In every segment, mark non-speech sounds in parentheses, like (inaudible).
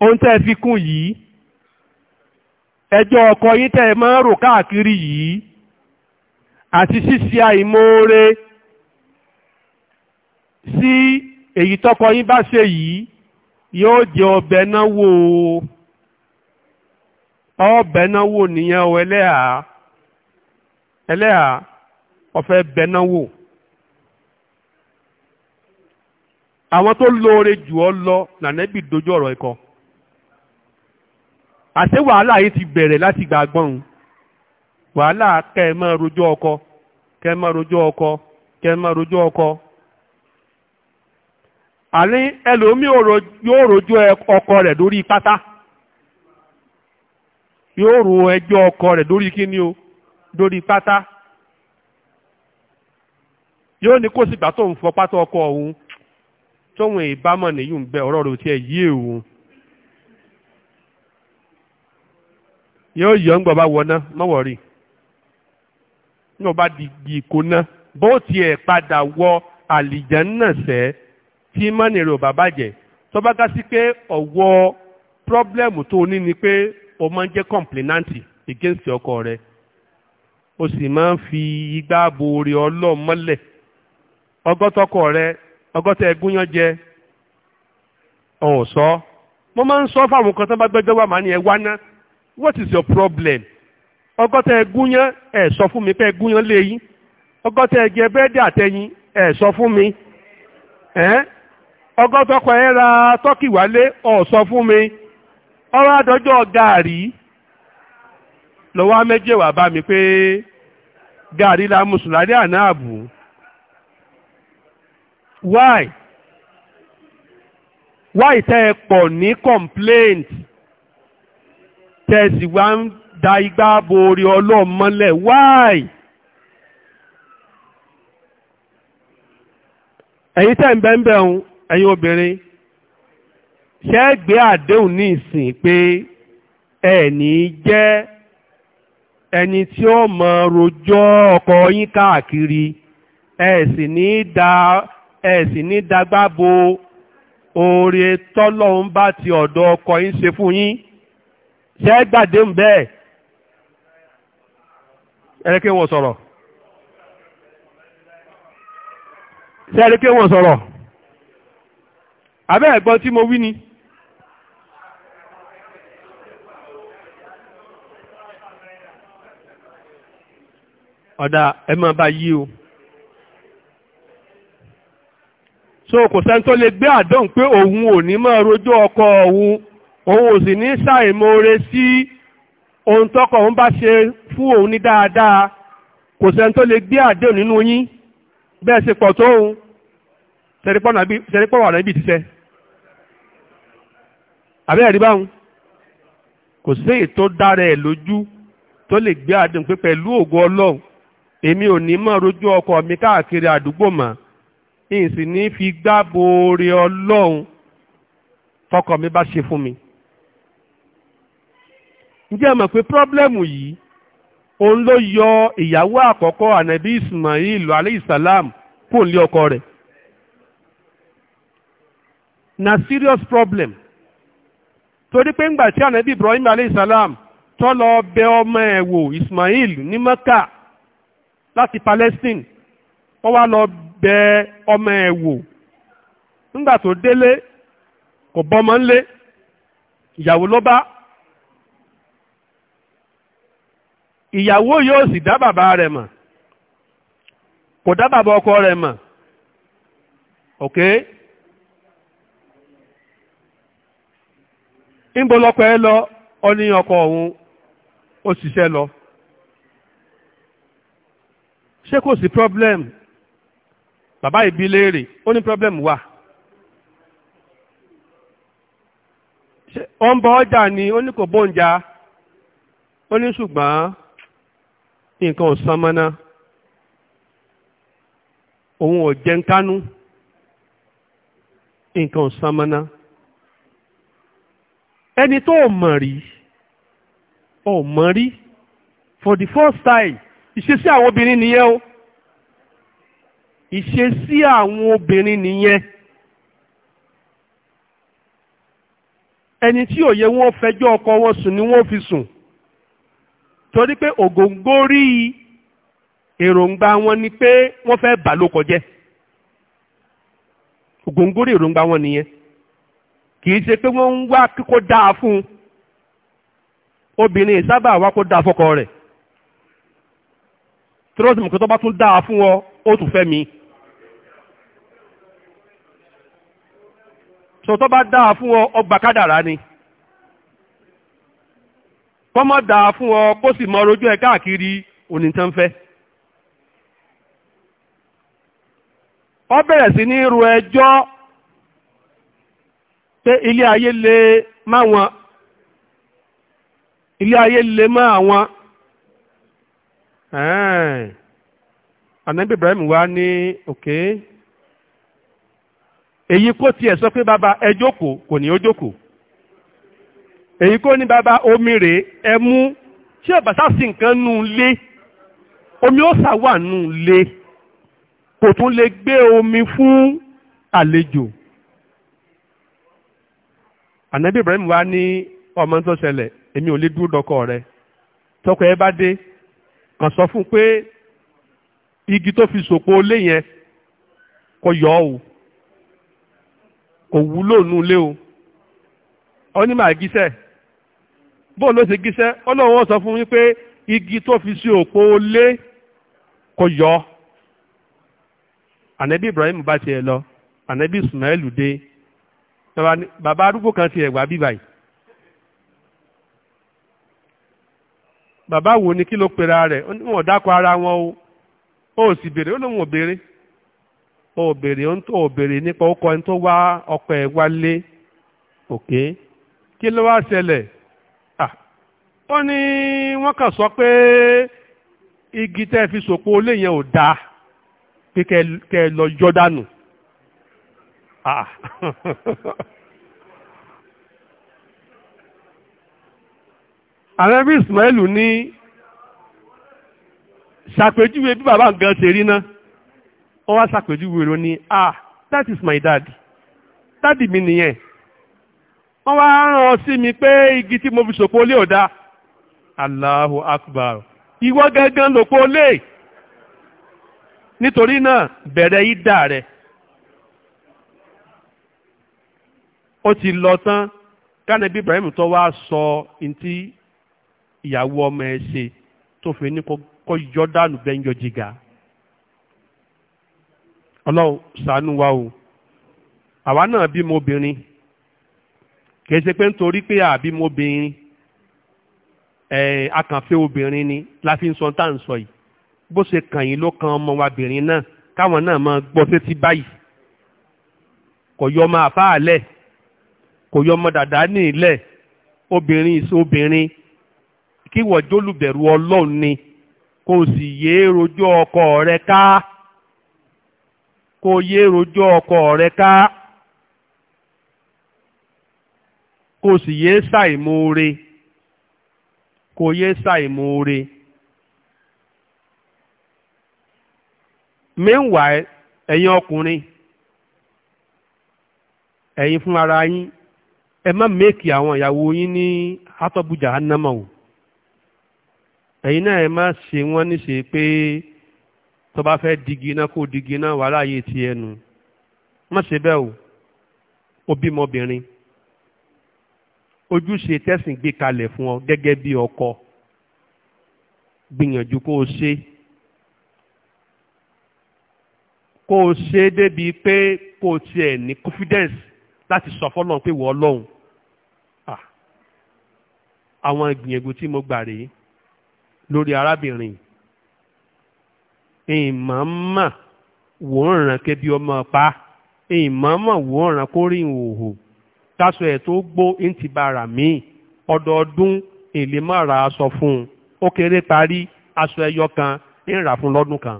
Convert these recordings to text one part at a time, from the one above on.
ohun tẹ́ fi kún yìí ẹjọ́ ọkọ yín tẹ́ máa ń rò káàkiri yìí àti ṣíṣe àìmoore sí èyí tọkọ yín bá ṣe yìí yóò jẹ ọbẹ̀ náwó ọbẹ̀ náwó nìyẹn o ẹlẹ́à ẹlẹ́à ọ̀fẹ́ bẹ̀ náwó. lọ nànẹ́bì dojú ọ̀rọ̀ ẹ̀kọ́. àti wàhálà yìí ti bẹ̀rẹ̀ láti gbàgbọ́n wàhálà kẹ́ ẹ máa rojọ́ ọkọ kẹ́ ẹ máa rojọ́ ọkọ kẹ́ ẹ máa rojọ́ ọkọ. àní ẹlòmíì yóò rojọ́ ọkọ rẹ̀ lórí pátá yóò ro ẹjọ́ ọkọ rẹ̀ lórí kíni o lórí pátá yóò ní kó sì gbà tó ń fọ pátá ọkọ òun tóun ìbámọ̀ nìyí ń bẹ ọ̀rọ̀ rò tiẹ̀ yí èèwọ̀n. yóò yọ ń gbọ̀bá wọná ní ọba dìgbì ìkóná bó tiẹ̀ padà wọ àlìjánnáṣẹ́ tí mọ́nì ò bàbá jẹ tọba ká sí pé ọ̀wọ́ pírọ́blẹ́mù tó ní ni pé o máa ń jẹ́ against ọkọ rẹ o sì máa ń fi igbá bo orí ọlọ́ọ̀ mọ́lẹ̀ rẹ sọ fáwọn kan tó bá wà máa what is your problem ọgọ́ta ẹgúnyán ẹ sọ fún mi pé ẹgúnyán lé yín ọgọ́ta ẹgẹ bẹ́ẹ̀dẹ̀ àtẹ̀yìn ẹ sọ fún mi ọgọ́ta ọkọ̀ ẹ ra tọ́kì wálé ọ sọ fún mi ọrọ̀ adọjọ gàárì lọ́wọ́ méjèèwà bá mi pé gàárì la mùsùlùmí àná àbù why why tẹ́ ẹ pọ̀ ní complaint tẹ̀sí wá ń da igbá bo orí ọlọ́run mọ́lẹ̀ wáì. ẹ̀yin tẹ̀ ń bẹ́ẹ̀ bẹ́ẹ̀ ń ẹ̀yin obìnrin ṣe é gbé àdéhùn ní ìsìn pé ẹ̀ní jẹ́ ẹni tí ó mọ rojọ́ ọkọ yín káàkiri ẹ ní da ẹ ní dagbá bo oore tọ́lọ́run bá ti ọ̀dọ̀ ọkọ yín ṣe fún yín ṣe é gbàdé ń bẹ́ẹ̀ ẹ̀rẹ́ kí wọ́n sọ̀rọ̀ ṣe ẹ̀rẹ́ kí wọ́n sọ̀rọ̀ abẹ́ ẹ̀gbọ́n tí mo wí ni. ọ̀dà ẹ máa bá yí o. so kò sẹ́ni tó lè gbé àdán pé òun ò ní máa rojọ́ ọkọ òun òun ò sì ní ṣàìmoore sí ohun tọ́kọ̀ òun bá ṣe fún òun ní dáadáa kò sẹ́ni tó lè gbé àdéhùn nínú yín bẹ́ẹ̀ ṣe pọ̀ tóun tẹ̀rípọ̀ wà níbi ìtìṣẹ́ àbẹ́ ẹ̀rí báwọn kò sí èyí tó dára ẹ̀ lójú tó lè gbé àdéhùn pé pẹ̀lú ògo ọlọ́run èmi ò ní mọ̀ rojú ọkọ mi káàkiri àdúgbò mọ́ ìsìn ní fi gbá boore ọlọ́run tọkọ mi bá ṣe fún mi. ǹjẹ́ ẹ mọ̀ pé pírọ́blẹ́mù yìí òun ló yọ ìyàwó àkọ́kọ́ ànàbí Ismail aleyhisalaam kò ní ọkọ rẹ̀ na serious problem torí pé ńgbà tí ànàbí Ibrahim aleyhisalaam tó lọ bẹ ọmọ ẹ̀ wò Ismail ní Mẹ́kà láti Palestine wọ́n wá lọ bẹ ọmọ ẹ̀ wò ńgbà tó délé kò bọ́mọ ńlé ìyàwó ló bá. ìyàwó yóò sì dá bàbá rẹ̀ mọ̀ kò dá bàbá ọkọ rẹ̀ mọ̀ ok ńbọ ẹ lọ ọ ní ọ̀hún ó ṣiṣẹ́ lọ ṣé kò sí problem bàbá ìbí léèrè ó ní problem wà ó ń bọ ọjà ni ó ní kò bóúnjà ó ní ṣùgbọ́n. nǹkan ò samana mọ́ná òun ò jẹun kánú nǹkan ò mọ́ná ẹni tó mọ̀ rí ò mọ̀ rí for the first time ìṣesí àwọn obìnrin nìyẹn o ìṣesí àwọn obìnrin nìyẹn ẹni tí òye wọn fẹjọ ọkọ wọn sùn ni wọ́n fi sùn. torí pé ògóńgó rí èròǹgbà wọn ni pé wọ́n fẹ́ bà ló kọjẹ́ ògóńgó rí èròǹgbà wọn nìyẹn kì í ṣe pé wọ́n ń wá kíkó dáa fún un obìnrin sábà wá kó dáa fọ́kọ rẹ̀ tí wọ́n bá tún dáa fún ọ ó tún fẹ́ mi. sọ bá dáa fún ọ ọgbà kádàrá ni. kọ́mọ́ dà fún ọ kó sì mọ ojú ẹ káàkiri onítànfẹ́. ọ bẹ̀rẹ̀ sí ní ru ẹjọ́ pé ilé ayé lè má wọn ilé ayé lè má wọn ànábì Ibrahim wa ní òkè èyí kò tiẹ̀ sọ pé bàbá ẹjọ́ kò ní ó jókòó. èyí kò ní bàbá omi rè ẹ mú tí ò bá sásì nǹkan nù lé omi ó sà wà nù lé kò tún lè gbé omi fún àlejò ànábì Ibrahim wa ní ọmọ tó ṣẹlẹ̀ èmi ò lè dúró dọkọ rẹ tọkọ ẹ bá dé kàn sọ fún pé igi tó fi sòpò lé yẹn kò yọ ọ kò wúlò nulẹ̀ o ọ ní màá gíṣẹ́ bóò ló ṣe gíṣẹ́ ọlọ́run ó sọ fún yín pé igi tó fi sí òpó lé kò yọ ànẹ́bí Ibrahim bá tiẹ̀ lọ ànẹ́bí Ismail dé bàbá arúgbó kan tiẹ̀ wá bí báyìí bàbá wo ni kí ló pera rẹ̀ wọn dákọ̀ ara wọn o ó sì béèrè ó lóun ò béèrè ó béèrè ó béèrè nípa ó kọ ẹni tó wá ọkọ ẹ̀ wálé òkè kí ló wá ṣẹlẹ̀ wọ́n ní wọ́n kàn sọ pé igi tẹ́ fi sòpò olè yẹn ò dáa pé kẹ́ lọ yọ dànù (laughs) ààrẹ bí Ismail ní ṣàpèjúwe bí bàbá nǹkan ṣe rí náà wọ́n wá ló ní ah that is my dad dádì mi nìyẹn wọ́n wá rán ọ sí mi pé igi tí mo fi sòpò olè ò dáa Allahu Akbar ìwọ gangan lòpó lè nítorí náà bẹ̀rẹ̀ ìdá rẹ̀ ó ti lọ tán kánẹ́bí Ibrahim tó wá sọ ntí ìyàwó ọmọ ẹ ṣe tó fi ní kó yọ dànù bẹ́ńjọ jìgà ọlọ́run ṣàánú wa o àwa náà bímọ obìnrin kì í ṣe pé nítorí pé àbímọ obìnrin akànfẹ́ obìnrin ni la fi ń sọ tá à ń sọ yìí bó ṣe kàn yín ló kan ọmọ wabìnrin náà káwọn náà máa gbọ́ sétí báyìí kò yọ ọmọ àfáàlẹ̀ kò yọ ọmọ dàdá ní obìnrin ìṣe obìnrin kí wọ́n jólùbẹ̀rù ọlọ́run ni kò sì yéé rojọ́ ọkọ rẹ ká kò yéé rojọ́ ọkọ rẹ ká kò sì ṣàìmoore. kò yé ṣàìmoore. meanwhile ẹ̀yin ọkùnrin ẹ̀yin fún ara yín ẹ má méèkì àwọn ìyàwó yín ní atọ́bùjà ánámà o ẹ̀yin náà ẹ má ṣe wọ́n níṣe pé tó bá fẹ́ digi iná kó digi iná wàhálà yìí ti ẹnu má ṣe bẹ́ẹ̀ o ó bímọ ojúṣe tẹ́sìn gbé kalẹ̀ fún ọ gẹ́gẹ́ bí ọkọ gbìyànjú kó o ṣe kó o ṣe débi pé kó o tiẹ̀ ní confidence láti sọ fọ́lọ́run pé wọ́n lọ́hùn àwọn ìgbìyànjú tí mo gbà rèé lórí arábìnrin ìmọ̀ọ́mọ̀ wò ń ràn kébi ọmọ pa ìmọ̀ọ́mọ̀ wò ń ràn kórìí òhò táṣọ ẹ̀ tó gbó ń ti bára míì ọdọọdún èlé má ra aṣọ fún un ó kéré parí aṣọ ẹyọ kan ń rà fún lọ́dún kan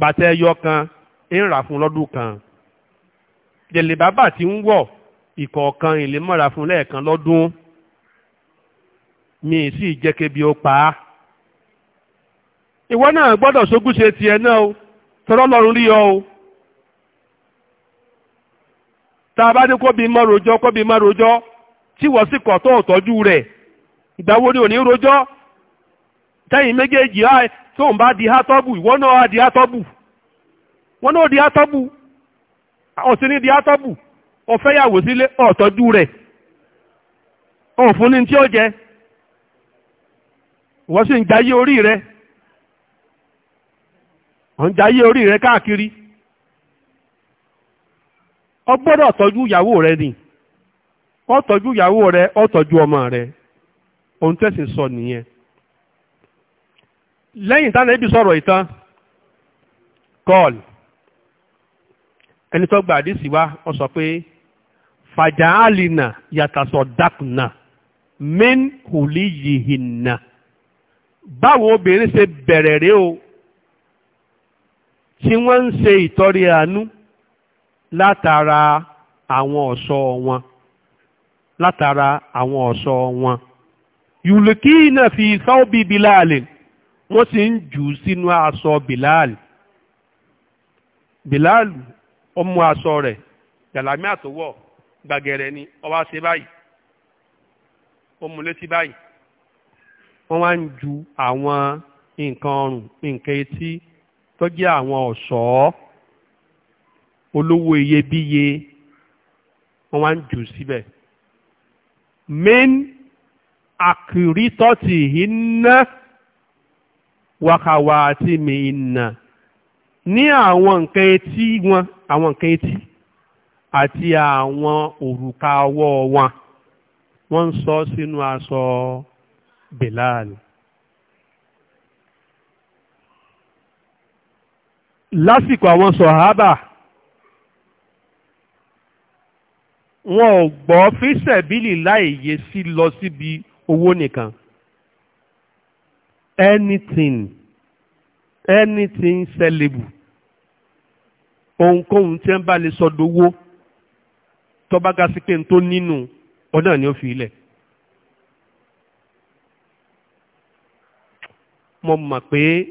bàtà ẹyọ kan ń rà fún lọ́dún kan jẹ̀lẹ̀ bàbà tí ń wọ̀ ìkọ̀ọ̀kan èlé má ra fún lẹ́ẹ̀kan lọ́dún mi sì jẹ́ kébi ó pa á ìwọ náà gbọ́dọ̀ ṣogúnṣe tiẹ̀ náà o tọ́lọ́lọ́run rí ọ o. tá a bá ní kó bí mọ́ rojọ́ kó bí mọ́ rojọ́ tí wọ́n sì kọ̀ tó tọ́jú rẹ̀ ìgbà wo ni ò ní rojọ́ tẹ́yìn méjèèjì tóun bá di hátọ́bù ìwọ náà di hátọ́bù wọ́n náà di hátọ́bù àwọn sí ní di hátọ́bù ọ̀fẹ́yàwó sílé ọ̀tọ́jú rẹ̀ ọ̀fun ní tí ó jẹ wọ́n sì ń jayé orí rẹ̀ ọ̀ ń jayé orí rẹ̀ káàkiri. ọ gbọ́dọ̀ tọ́jú ìyàwó rẹ ni ọ tọ́jú ìyàwó rẹ ọ tọ́jú ọmọ rẹ ohun tẹ́sí sọ nìyẹn lẹ́yìn tánà ibi sọ̀rọ̀ ìtàn kọ́ọ̀lù ẹni tó gba àdísì wá ọ sọ pé fàjà àlìnà yàtàsọ̀ dàkùnà min hùlí yìhìnà báwo obìnrin ṣe bẹ̀rẹ̀ rèé o tí wọ́n ń ṣe ìtọrẹ àánú látara àwọn ọ̀ṣọ́ wọn látara àwọn ọ̀ṣọ́ wọn yùlùkí iná fi sáóbì bíláàlì wọ́n sì ń jù sínú aṣọ bíláàlì bíláàlì ọmọ aṣọ rẹ̀ gàlámì àtọwọ́ gbàgẹ̀rẹ̀ ni ọba ṣe báyìí ó mú létí báyìí wọ́n wá ń ju àwọn nǹkan ọrùn nǹkan etí tó jẹ́ àwọn ọ̀ṣọ́ ọ́ olówó iyebíye wọ́n wá ń jù síbẹ̀. min akiritọ́tì iná wàkàwà àti mi iná ní àwọn nǹkan etí wọn àwọn nǹkan etí àti àwọn òrùka ọwọ́ wọn wọ́n ń sọ sínú aṣọ Bilal. lásìkò àwọn sọ̀hábà. So wọn ò gbọ́ fíṣẹ̀bílì láìyé sí lọ síbi owó nìkan anything anything sellable ohunkóhun tí ń bá lè sọ dowó tó bá tó nínú ọ̀nà ni ó fi ilẹ̀. mo mọ̀ pé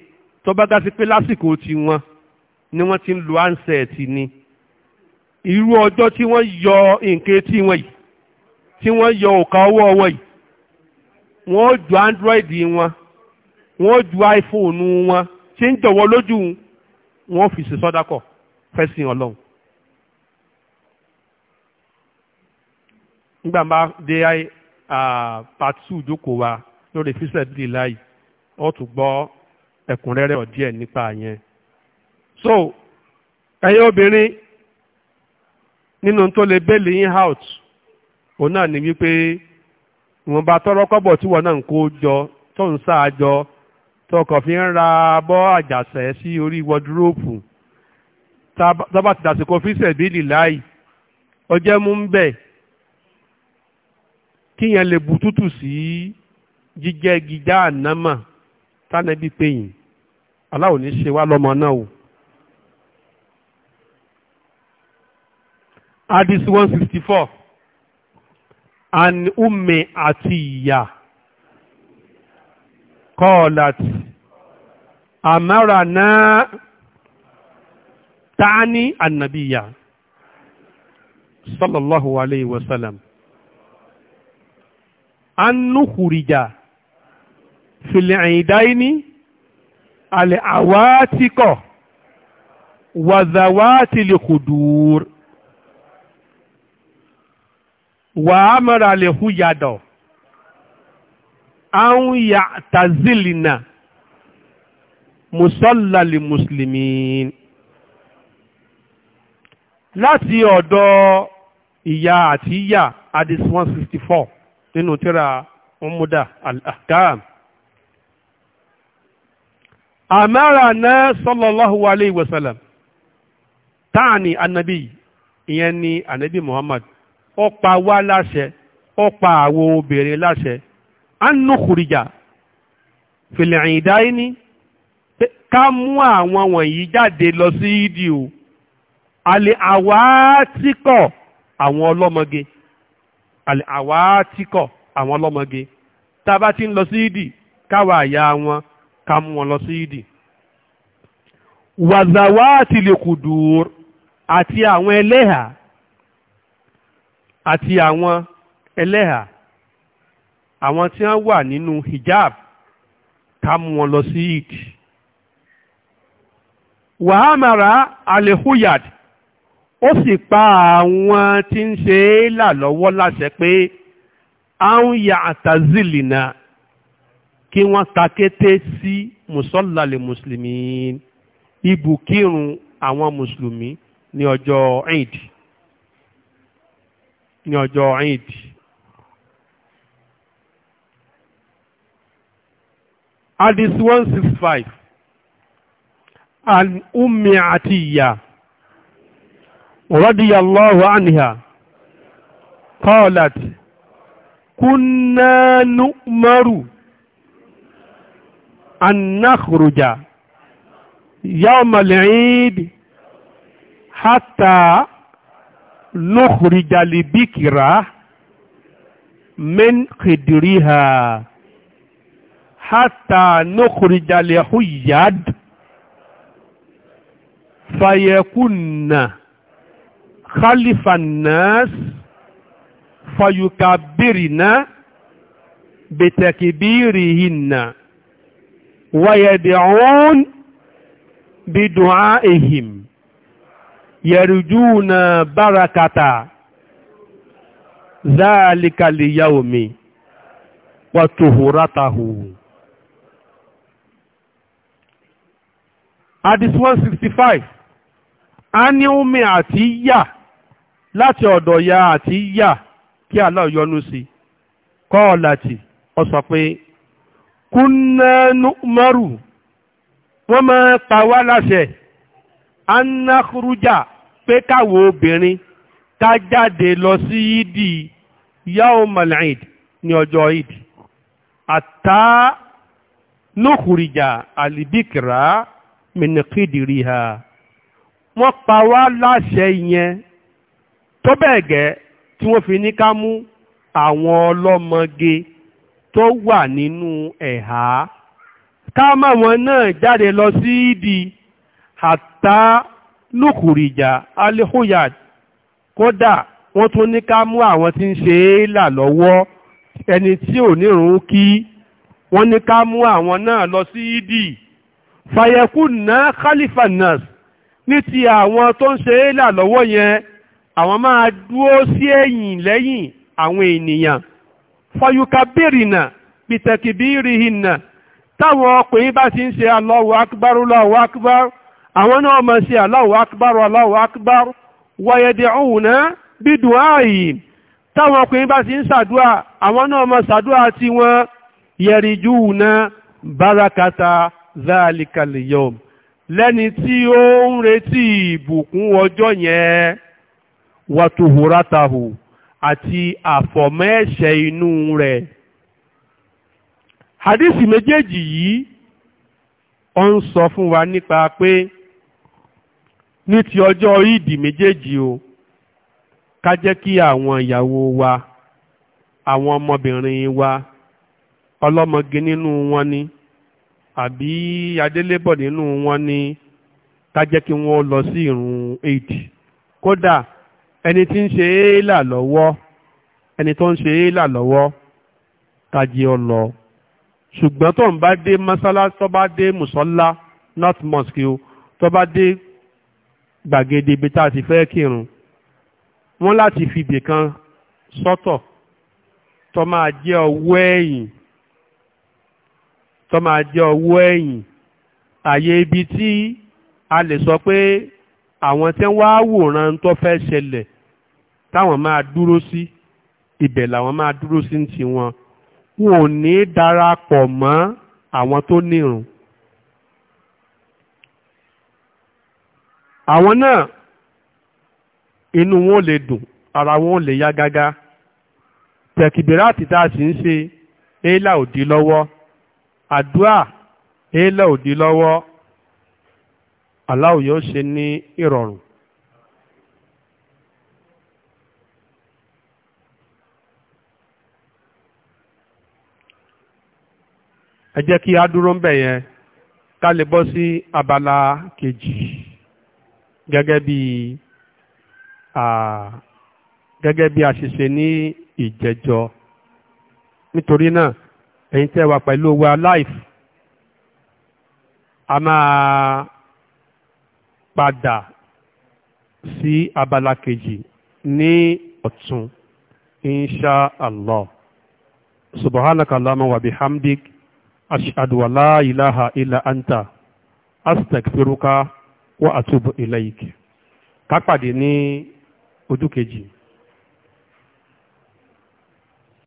tó bá ga lásìkò tiwọn ni wọ́n ti ń lo ansẹ̀ẹ̀tì ni irú ọjọ́ tí wọ́n yọ nǹkan tí wọ́n yìí tí wọ́n yọ òkà ọwọ́ wọn yìí wọ́n ju android wọn wọ́n ju iphone wọn tí ń jọ̀wọ́ lójú wọn fi ṣe sọ́dákọ̀ fẹ́sìn ọlọ́run. nígbà máa dé part two jókòó wa lórí fíṣẹ̀ bíi láàyè wọ́n tún gbọ́ ẹ̀kúnrẹ́rẹ́ ọ̀ nípa yẹn. so ẹ̀yin obìnrin nínú tó lè in out òun náà ní wípé ìwọ̀nba tọrọ kọ́bọ̀ tí wọ́n náà ń kó jọ tó ń sáàjọ tó kàn fi ń ra bọ́ àjàsẹ̀ sí orí wọdúróòpù tábà ti dàsìkò fíṣẹ̀ bíìlì láì ọjẹ́ mú ń bẹ̀ kíyàn lè bu tútù sí jíjẹ́ gíga ànámà tánẹ́bí péyìn aláwo ní ṣe o. hadith one sixty four an umme atiya qalat amarana tani annabiya sallallahu alayhi wa sallam an nukhurija fil idaini al awatiqa wa zawati al khudur wa amara mọ́ra yadọ anwụ ya àwọn yà tazilina musallali muslimi láti ọ̀dọ̀ ìyá àti ìyá adis 164 nínú tírà ọmọdá al-ahkam àmàrà náà sallallahu alayhi wa sallam táà ni anabi ìyẹn ni annabi muhammad ó pa wá láṣẹ ó pa àwọn obìnrin láṣẹ anúkùrìjà fìlẹ̀yìn dáí ní ká mú àwọn wọ̀nyí jáde lọ sí ìdí o àlè àwátíkọ̀ àwọn ọlọ́mọge àlè àwátíkọ̀ àwọn ọlọ́mọge tá a ń lọ sí ìdí káwa àyà wọn ká mú wọn lọ sí ìdí wàzàwátìlẹ̀kùdùr àti àwọn ẹlẹ́hàá àti àwọn ẹlẹ́hà àwọn tí wọ́n wà nínú hijab ká mú wọn lọ sí ik wàhámàrà alehuyad ó sì pa àwọn tí ń ṣe é là lọ́wọ́ láṣẹ pé àwọn ya àtàzìlì kí wọ́n ta kété sí mùsọ́lálẹ̀ mùsùlùmí ibùkírun àwọn mùsùlùmí ní ọjọ́ Eid ní ọjọ́ Eid hadith one six five an ummi atiya radiyallahu anha qalat kunna nu'maru an nakhruja yawm al-eid hatta نخرج لبكرة من قدرها حتى نخرج لحياد فيكون خلف الناس فيكبرنا بتكبيرهن ويدعون بدعائهم يرجون بركة ذلك اليوم وطهورته Hadith 165 Aniumi àti yà láti ọ̀dọ̀ ya àti yà kí Allah yọ́nú sí kọ́ọ̀láti ó sọ pé kúnnánú mọ́rù wọ́n máa pa láṣẹ annáhùrújà pé káwọn obìnrin ká jáde lọ sí yídì yáò malid ní ọjọ́ yídì àtà nókùrìjà àlìbíkìrá mìnìkìdìrí ha wọ́n pa wá láṣẹ yẹn tó bẹ́ẹ̀ gẹ́ tí wọ́n fi ní ká mú àwọn ọlọ́mọge tó wà nínú ẹ̀há ká má wọn náà jáde lọ sí yídì àtà lókùrìjà alihoyad kódà wọ́n tún ní ká mú àwọn tí ń ṣe é là lọ́wọ́ ẹni tí ò nírun kí wọ́n ní ká mú àwọn náà lọ sí ìdì fàyẹ̀kù náà khalifa nas ní ti àwọn tó ń ṣe é là lọ́wọ́ yẹn àwọn máa dúó sí ẹ̀yìn lẹ́yìn àwọn ènìyàn fọyùkàbírìnà pìtẹ̀kìbírìhìnà táwọn ọkùnrin bá ti ń ṣe Allahu akbar Allahu akbar àwọn náà máa ṣe Allahu akbar Allahu akbar wa yad'una bidu'aihim táwọn ọkùnrin bá ti ń ṣàdúà àwọn náà barakata dhalikal yawm lẹ́ni tí ó ń retí ìbùkún ọjọ́ yẹn wàtúhùrátàhù àti àfọ̀mẹ́ẹ̀ṣẹ̀ inú rẹ̀ hadisi méjèèjì yìí ó ń sọ fún wa nípa pé ní ti ọjọ́ ìdì méjèèjì o ká jẹ́ kí àwọn ìyàwó wa àwọn ọmọbìnrin wa ọlọ́mọge nínú wọn ni àbí adélébọ̀ nínú wọn ni ká jẹ́ kí wọ́n lọ sí ìrun ìdì kódà ẹni tí ń ṣe é là lọ́wọ́ ẹni tó ń ṣe é là lọ́wọ́ ká jẹ́ ọ lọ ṣùgbọ́n tó ń bá dé mọ́sálá bá dé mùsọ́lá north mosque tó bá dé gbàgede ibi tá a ti fẹ́ kírun wọ́n láti fi ibì kan sọ́tọ̀ tó máa jẹ́ ọwọ́ ẹ̀yìn tó máa jẹ́ ọwọ́ ẹ̀yìn àyè ibi tí a lè sọ pé àwọn tí wọ́n á wòran tó fẹ́ ṣẹlẹ̀ táwọn máa dúró sí ibẹ̀ làwọn máa dúró sí ti wọn wọn ò ní darapọ̀ mọ́ àwọn tó nírun. àwọn náà inú wọn lè dùn ara wọn lè yá gágá tẹ̀kìbìráàtì tá a sì ń ṣe éèlà òdì lọ́wọ́ àdúrà éèlà òdì lọ́wọ́ aláwò yóò ṣe ní ìrọrùn ẹ jẹ́ kí a dúró ń bẹ̀ yẹn ká lè bọ́ sí abala kejì. gẹ́gẹ́ bí gẹ́gẹ́ bí a ṣe ṣe ní ìjẹjọ nítorí náà ẹ̀yin tẹ́ wà pẹ̀lú wa life a máa padà sí abala kejì ní ọ̀tún insha allah subhanaka allahumma wa bihamdik ashhadu an la ilaha illa anta astaghfiruka wa atubu ilayk ká pàdé ní ojú kejì